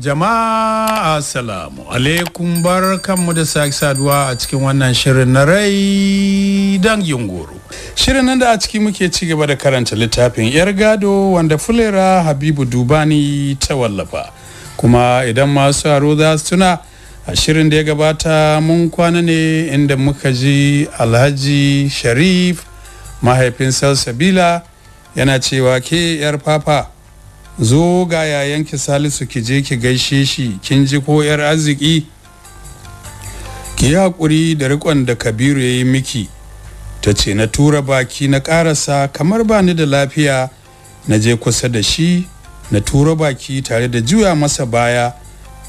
Jama'a Assalamu alaikum kanmu da sake saduwa a cikin wannan shirin na rai dangin goro. Shirin nan da a ciki muke ci gaba da karanta littafin 'yar gado wanda fulera Habibu Dubani ta wallafa. Kuma idan masu aro za su tuna a shirin da ya gabata mun kwana ne inda muka ji Alhaji Sharif mahaifin Salsabila yana cewa ke 'yar papa. zo ga yayan ki salisu ki je ki gaishe shi kin ji ko yar arziki ki hakuri haƙuri da rikon da kabiru yayi miki ta ce na tura baki na ƙarasa kamar ba ni da lafiya na je kusa da shi na tura baki tare da juya masa baya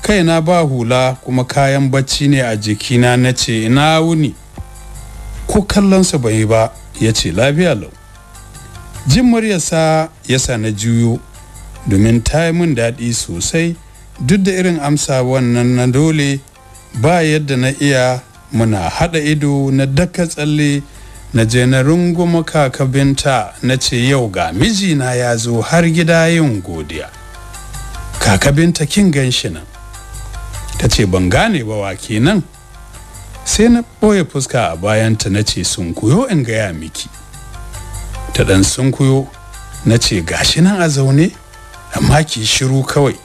kai na ba hula kuma kayan bacci ne a jikina na ce ina wuni ko kallonsa bai ba yace lafiya lau jin muryarsa ya sa na juyo domin ta yi mun daɗi sosai duk da irin amsa wannan na dole ba yadda na iya muna haɗa ido na daka tsalle na je na rungumo kakabinta na ce yau ga mijina ya zo har gida yin godiya kakabinta kin gan shi nan ta ce ban gane ba wa kenan sai na ɓoye fuska a bayanta na ce sun kuyo in gaya miki ta ɗan sun kuyo na ce gashi nan a zaune amma ki shiru kawai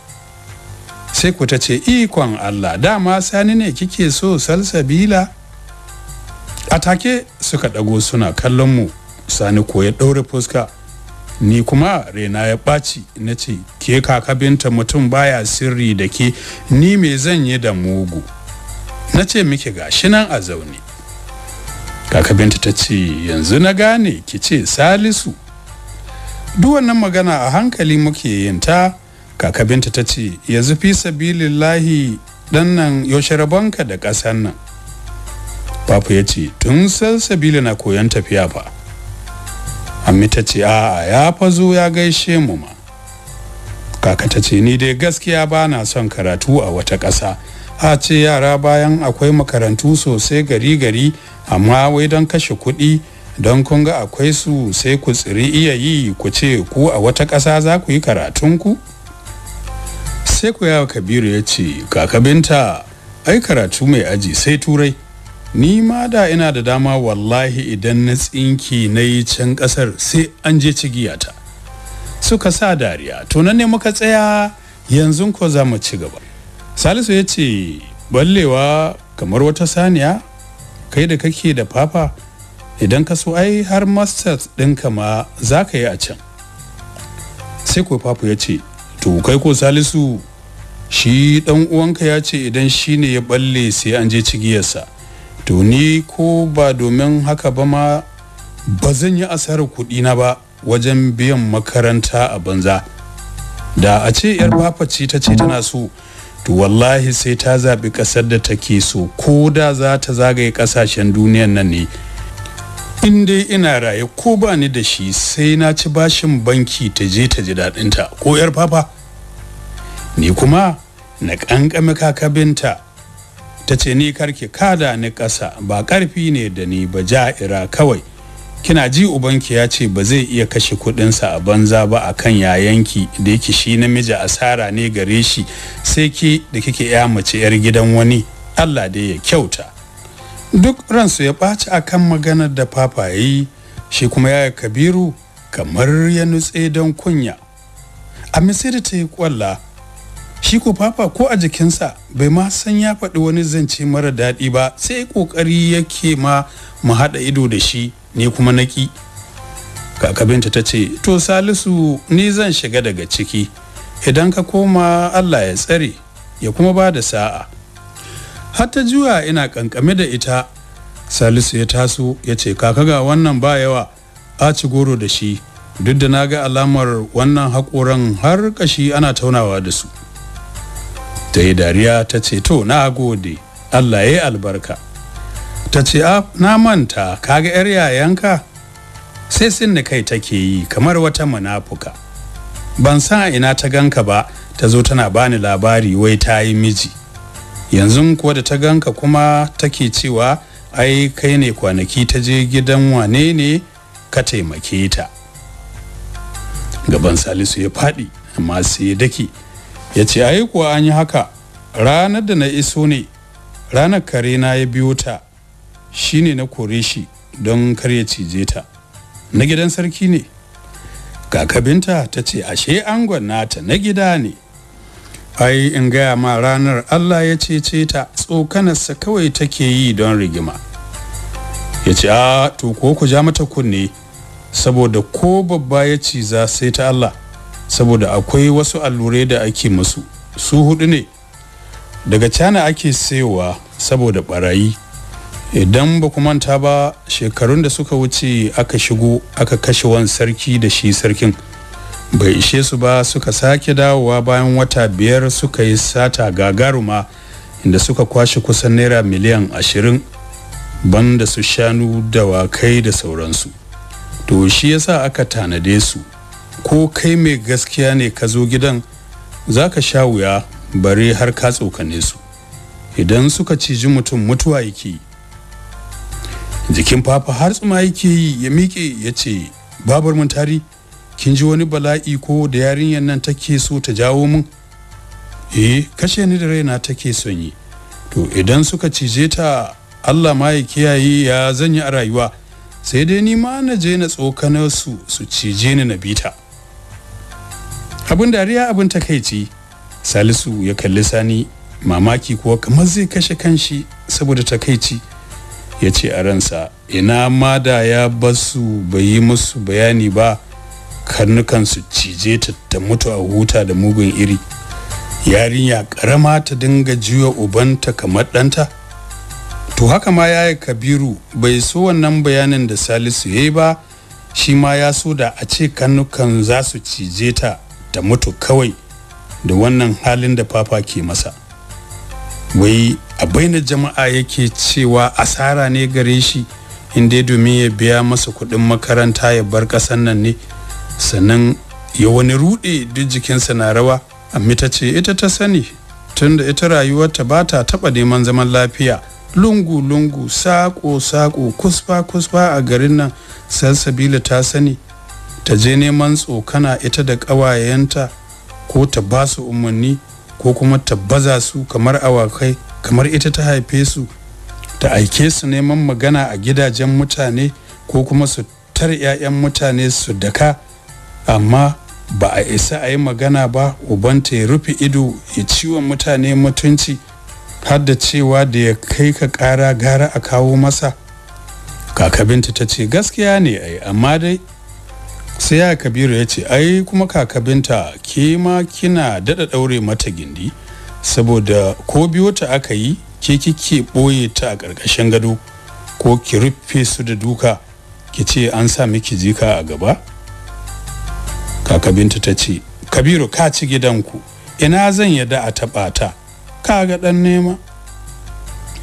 sai ku ta ce ikon Allah dama sani ne kike so salsabila a take suka ɗago suna kallon mu sani ko ya ɗaure fuska ni kuma rena ya ɓaci na ce ke kakabinta mutum baya sirri da ke ni me zan yi da mugu na ce miki gashi nan a zaune kakabinta ta ce yanzu na gane ki ce salisu duk wannan magana a hankali muke yin ta kaka binta ta ce yanzu fi sabilillahi dan nan yaushe rabonka da ƙasan nan Papu ya ce tun salsabila na koyon tafiya fa ammi ta ce a'a ya fazo ya gaishe mu ma kaka ta ce ni dai gaskiya ba na son karatu a wata ƙasa a ce yara bayan akwai makarantu sosai gari gari amma wai don kashe kuɗi don kun ga akwai su sai ku tsiri iya yi ku ce ku a wata ƙasa za ku yi karatunku sai ku yawa kabiru ya ce kakabinta ai karatu mai aji sai turai ni ma da ina da dama wallahi idan na tsinki na yi can ƙasar sai an je cigiyata suka sa dariya to nan ne muka tsaya yanzu ko za mu ci gaba salisu ya ce ballewa kamar wata saniya kai da kake da fafa idan ka so ai har masters ɗinka ma za ka yi a can sai ko papu ya ce to kai ko salisu shi ɗan uwanka ya ce idan shi ne ya balle sai an je cigiyarsa to ni ko ba domin haka ba ma ba zan yi asarar kuɗi na ba wajen biyan makaranta a banza da a ce yar ce ta ce tana so to wallahi sai ta zaɓi ƙasar da take so ko da za ta zagaye ƙasashen duniyan nan ne in dai ina raye ko ba ni da shi sai na ci bashin banki ta je ta ji daɗinta ko yar papa ni kuma na ƙanƙami kakabinta ta ce ni karki kada ni ƙasa ba ƙarfi ne da ni ba ja'ira kawai kina ji ubanki ya ce ba zai iya kashe kuɗinsa a banza ba a kan yayanki da yake shi namiji asara ne gare shi sai ke da kike ya mace yar gidan wani allah dai ya kyauta duk ransu ya ɓaci a kan maganar da papa yi shi kuma yaya kabiru kamar ya nutse don kunya a misiri ta yi kwalla shi ko papa ko a jikinsa bai ma san ya faɗi wani zance mara daɗi ba sai ƙoƙari yake ma mu haɗa ido da shi ne kuma naƙi kakabinta ta ce to salisu ni zan shiga daga ciki idan ka koma allah ya tsare ya kuma ba da sa'a har ta juya ina kankame da ita salisu ya taso ya ce kaka ga wannan ba yawa a ci goro da shi duk da na ga alamar wannan haƙoran har ƙashi ana taunawa da su ta yi dariya ta ce to na gode allah ya yi albarka ta ce ah, na manta kaga yar yayanka sai sin da kai take yi kamar wata munafuka ban san ina ta ganka ba ta zo tana bani labari wai ta yi miji yanzu kuwa da ta ganka kuma take cewa ai kai ne kwanaki ta je gidan wane ne ka taimake ta gaban salisu ya faɗi amma sai ya daki ya ce ai kuwa an yi haka ranar da na iso ne ranar kare na ya biyo ta shine na kore shi don kar ya cije ta na gidan sarki ne kakabinta ta ce ashe angon nata na gida ne ai in gaya ma ranar allah ya cece ta tsokanarsa kawai take yi don rigima ya ce a to ko ku ja mata kunne saboda ko babba ya ciza sai ta allah saboda akwai wasu allurai da ake musu su hudu ne daga cana ake sayowa saboda barayi idan ba ku manta ba shekarun da suka wuce aka shigo aka kashe wan sarki da shi sarkin bai ishe su ba suka sake dawowa bayan wata biyar suka yi sata gagaruma inda suka kwashe kusan naira miliyan ashirin banda su shanu dawakai da sauransu to shi yasa aka tanade su ko kai mai gaskiya ne ka zo gidan za ka sha wuya bari har ka tsokane su idan suka ciji mutum mutuwa yake jikin papa har tsuma yake yi ya miƙe ya ce babar mun tari kin ji wani bala'i ko da yarinyar nan take so ta jawo mun eh kashe ni da raina take son yi to idan suka cije ta Allah ma ya kiyaye ya zanyi a rayuwa sai dai ni ma na je na tsokanar su su cije ni na bita abin dariya abin takaici salisu ya kalli sani mamaki kuwa kamar zai kashe kanshi saboda takaici ya ce a ransa ina ma da ya basu bai yi musu bayani ba karnukan su cije ta ta mutu a huta da mugun iri yarinya karama ta dinga juya ubanta kamar ɗanta to haka ma yaya kabiru bai so wannan bayanin da salisu ya yi ba shi ma ya so da a ce karnukan za su cije ta ta mutu kawai da wannan halin da papa ke masa wai a baina jama'a yake cewa asara ne gare shi inda domin ya biya masa kuɗin makaranta ya bar ƙasar nan ne sannan ya wani rude duk jikinsa na rawa amma ta ce ita ta sani tunda ita rayuwarta ba ta taɓa neman zaman lafiya lungu-lungu saƙo-saƙo kusfa-kusfa a garin nan sansabila ta sani ta je neman tsokana ita da ƙawayenta ko ta ba su umarni ko kuma ta baza su kamar awakai kamar ita ta haife su ta aike su neman magana a gidajen mutane ko kuma su tar 'ya'yan mutane su daka amma ba a isa a yi magana ba ubanta ya rufe ido ya ciwon mutane mutunci har da cewa da ya kai ka kara gara a kawo masa kakabinta ta ce gaskiya ne ai amma dai sai ya kabiru ya ce ai kuma kakabinta ke ma kina dada daure mata gindi saboda ko biyo ta aka yi ke kike boye ta a ƙarƙashin gado ko ki rufe su da duka ki ce an sa miki jika a gaba kaka binta ta ce kabiru ka ci gidanku ina zan yadda a taɓa ta ka ga ɗan nema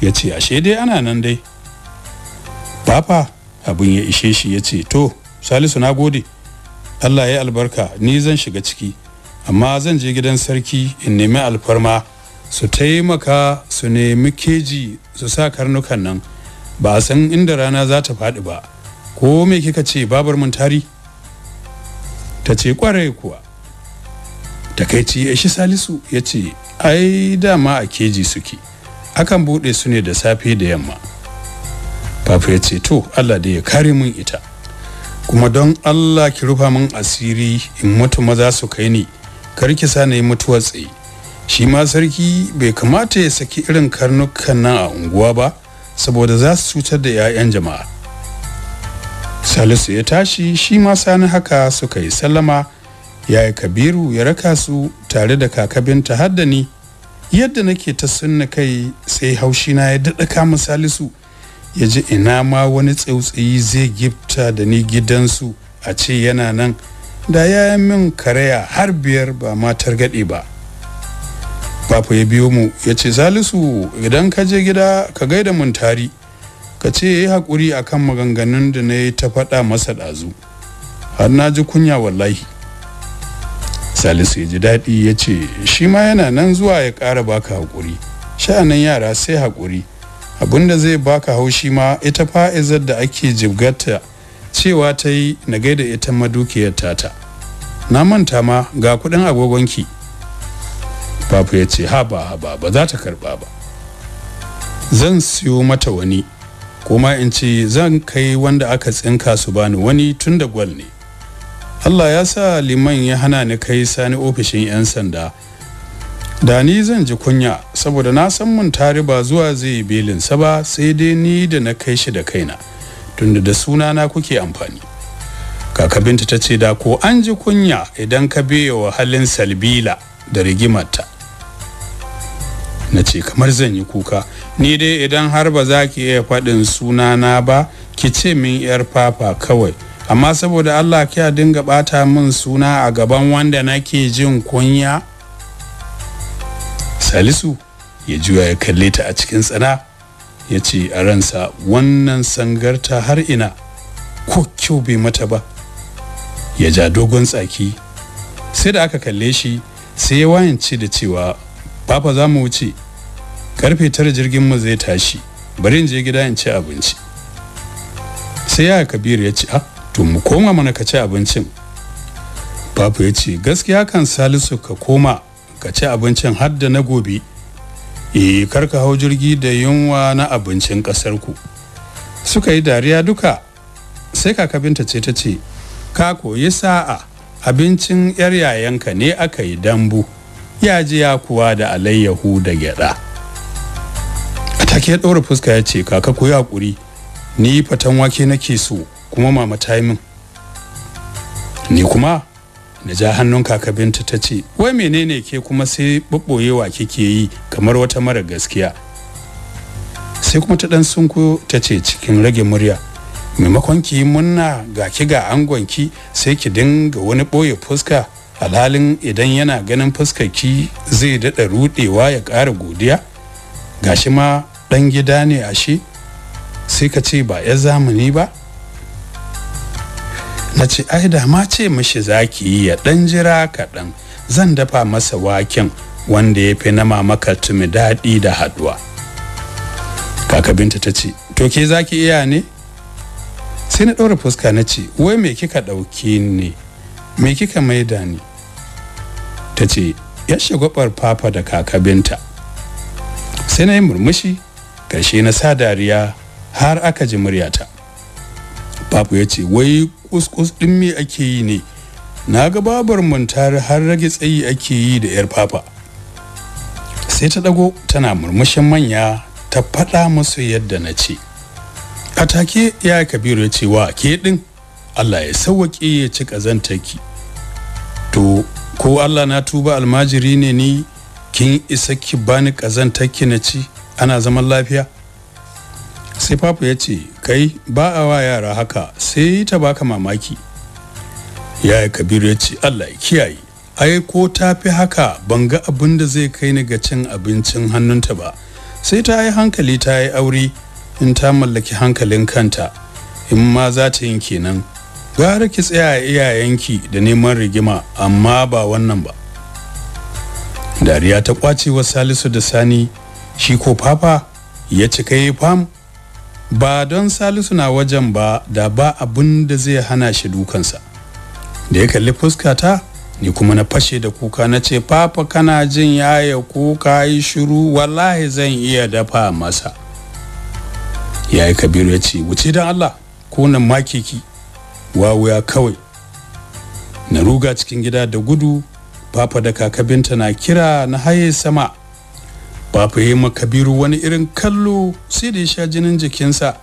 ya ce ashe dai ana nan dai papa abin ya ishe shi ya ce to salisu na gode allah ya albarka ni zan shiga ciki amma zan je gidan sarki in nemi alfarma su taimaka su nemi keji su sa karnukan nan ba a san inda rana za ta faɗi ba ko me kika ce babar mun tari ta ce kwarai kuwa takaici ya shi salisu ya ce ai dama a keji suke akan buɗe su ne da safe da yamma papa ya ce to allah da ya kare mun ita kuma don allah ki rufa mun asiri in mutu maza su kai ni kar ki sa na yi mutuwar tsaye shi ma sarki bai kamata ya saki irin karnukan nan a unguwa ba saboda za su cutar da 'ya'yan jama'a salisu ya tashi shi ma sani haka suka yi sallama ya yi kabiru ya raka su tare da kakabinta haddani yadda nake ta sunna kai sai haushi na ya daɗa kama salisu ya ji ina ma wani tsautsayi zai gifta da ni gidansu a ce yana nan da ya yi min karaya har biyar ba matar gaɗe ba Papa ya biyo mu ya ce salisu idan ka je gida ka gaida mun tari ka ce ya yi haƙuri a kan maganganun da na yi ta faɗa masa ɗazu har na ji kunya wallahi salisu ya ji daɗi ya ce shi ma yana nan zuwa ya ƙara baka haƙuri sha'anin yara sai haƙuri abinda zai baka haushi ma ita fa'izar da ake jibgata cewa ta yi na gaida ita madukiyar tata na manta ma ga kuɗin agogonki Papa ya ce haba haba ba za ta karɓa ba zan siyo mata wani kuma in ce zan kai wanda aka tsinka su bani wani tun da gwal ne allah ya sa liman ya hana ni kai sani ofishin 'yan sanda da ni zan ji kunya saboda na san mun tare ba zuwa zai belinsa ba sai dai ni da na kai shi da kaina tunda da sunana kuke amfani kaka binta ta ce da ko an ji kunya idan ka biya wa halin salbila da rigimarta na ce kamar zan yi kuka ni dai idan har ba za ki iya faɗin na ba ki ce min yar papa kawai amma saboda allah kiya dinga ɓata min suna a gaban wanda nake jin kunya salisu ya juya ya kalle ta a cikin tsana ya ce a ransa wannan sangarta har ina ko kyau bai mata ba ya ja dogon tsaki sai da aka kalle shi sai ya wayance da cewa Papa za mu wuce. Karfe tara jirgin mu zai tashi. Bari in je gida in ci abinci. Sai ya Kabiru ya ce, "Ah, to mu koma mana ka ci abincin." Papa ya ce, "Gaskiya kan Salisu ka koma ka ci abincin har da na gobe." Eh, kar ka hau jirgi da yunwa na abincin ƙasar ku. Suka yi dariya duka. Sai kaka ce ta ce, "Ka koyi sa'a abincin 'yar yayanka ne aka yi dambu." ya ji ya kuwa da alayyahu da gyada a take ya ɗora fuska ya ce kaka ku hakuri ni fatan wake nake so kuma mama ta min ni kuma na ja hannun kaka binta ta ce wai menene ke kuma sai ɓaɓɓoyewa kike yi kamar wata mara gaskiya sai kuma ta ɗan sunko ta ce cikin rage murya maimakon ki yi munna ga ki ga ki sai ki dinga wani ɓoye fuska alhalin idan yana ganin fuskaki zai daɗa rudewa ya ƙara godiya gashi ma ɗan gida ne ashe sai ka ce ba ya zamani ba na ce ai da ma ce mishi zaki yi ya ɗan jira kaɗan zan dafa masa waken wanda ya fi na mamaka tumi daɗi da haɗuwa kaka binta ta ce to ke zaki iya ne sai na ɗaura fuska na ce wai me kika ɗauki ne me kika mai da ni ta ce ya shagwabar papa da Binta. sai na yi murmushi ƙarshe na sa dariya har aka ji muryata babu ya ce wai kuskus ɗin me ake yi ne na ga babar muntar har rage tsayi ake yi da yar papa sai ta ɗago tana murmushin manya ta faɗa musu yadda na ce a take ya kabiru ya ce wa ke ɗin Allah ya sauwaƙe ya ci ƙazantaki to ko Allah na tuba almajiri ne ni kin isa ki bani ƙazantarki na ci ana zaman lafiya sai papu ya ce kai ba a wa yara haka sai ta baka mamaki Ya yi kabiru ya ce Allah ya kiyaye ai ko ta fi haka ban ga abin da zai kai ni ga cin abincin hannunta ba sai ta yi hankali ta yi aure in ta mallaki hankalin kanta in ma za ta yin kenan gara ki tsaya iyayenki da neman rigima amma ba wannan ba dariya ta kwace wa salisu da sani shi ko papa ya cika yi fam ba don salisu na wajen ba da ba abin da zai hana shi dukansa da ya kalli fuskata ni kuma na fashe da kuka na ce papa kana jin yaya kuka yi shiru wallahi zan iya dafa masa yayi kabiru ya ce wuce don allah ko kunan makiki Wa wuya kawai na ruga cikin gida da gudu papa da kakabinta na kira na haye sama papa ya ma wani irin kallo sai da ya sha jinin jikinsa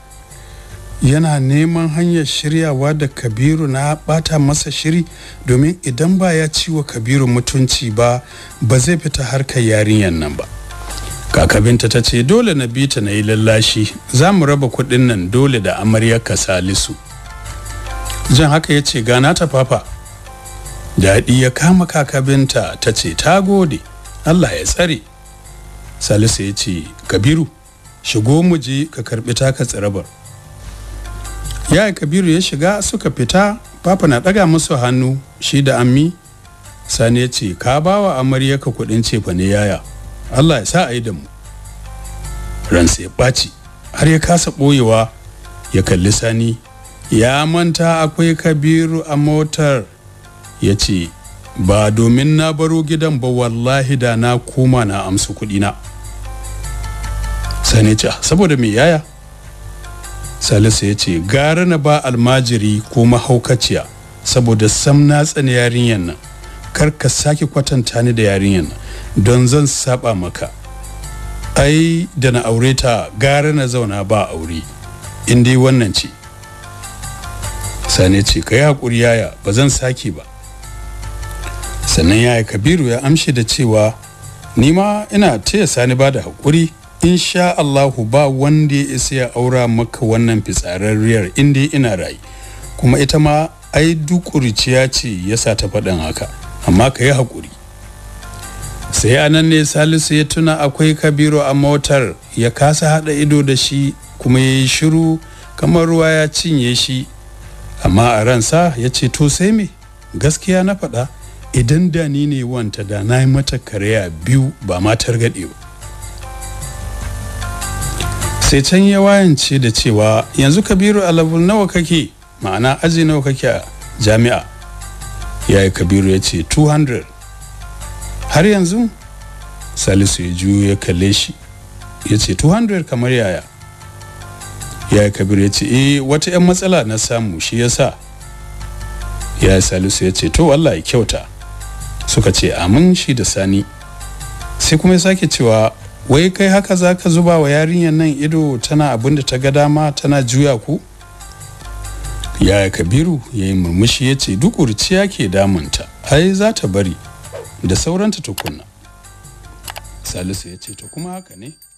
yana neman hanyar shiryawa da kabiru na bata masa shiri domin idan ba ya ciwa kabiru mutunci ba ba zai fita harkar yarinyar nan ba kakabinta ta ce dole na bita na yi lallashi za mu raba kudin nan dole da ka salisu jan haka ya ce gana ta fafa daɗi ya kama kakabinta ta ce ta gode allah ya tsare salisu ya ce kabiru shigo mu je ka karɓi taka tsirabar yaya kabiru ya shiga suka fita fafa na ɗaga musu hannu shi da ammi sani ya ce ka bawa amarya ka kuɗin cefa ne yaya allah ya sa a yi da mu ransa ya ɓaci har ya kasa ɓoyewa ya kalli sani ya manta akwai kabiru a motar ya ce ba domin na baro gidan ba wallahi da na koma na amsa kudina sani ce ah, saboda mai yaya salisu ya ce gara na ba almajiri ko mahaukaciya saboda sam na tsani yarinyan nan kar ka sake kwatanta ni da yarinyan nan don zan saba maka ai da na aure ta gara na zauna ba aure in dai wannan ce sani ce ka yi haƙuri yaya ba zan sake ba sannan yaya kabiru ya amshi da cewa nima ina taya sani ba da haƙuri insha Allahu ba wanda ya isa ya aura maka wannan fitsararriyar inda ina rayu kuma ita ma ai duk ƙuriciya ce ya sa ta faɗin haka amma ka yi haƙuri sai anan ne salisu ya tuna akwai kabiru a motar ya kasa haɗa ido da shi kuma ya yi shiru kamar ruwa ya cinye shi amma a ransa ya ce to sai me gaskiya na faɗa idan da ni ne wanta da na yi mata karya biyu ba matar targaɗe ba sai can ya wayance da cewa yanzu kabiru alabul nawa kake ma'ana aji nawa kake a jami'a ya yi kabiru ya ce 200 har yanzu salisu ya juyo ya kalle shi ya ce 200 kamar yaya ya kabir ya ce eh wata 'yan matsala na samu shi ya sa ya salisu ya ce to Allah ya kyauta suka ce amin shi da sani sai kuma ya sake cewa wai kai haka za ka zuba wa yarinyar nan ido tana abin da ta ga dama tana juya ku Ya yaya kabiru ya yi murmushi ya ce duk urciya ke damunta ai za ta bari da sauranta tukunna salisu ya ce to kuma haka ne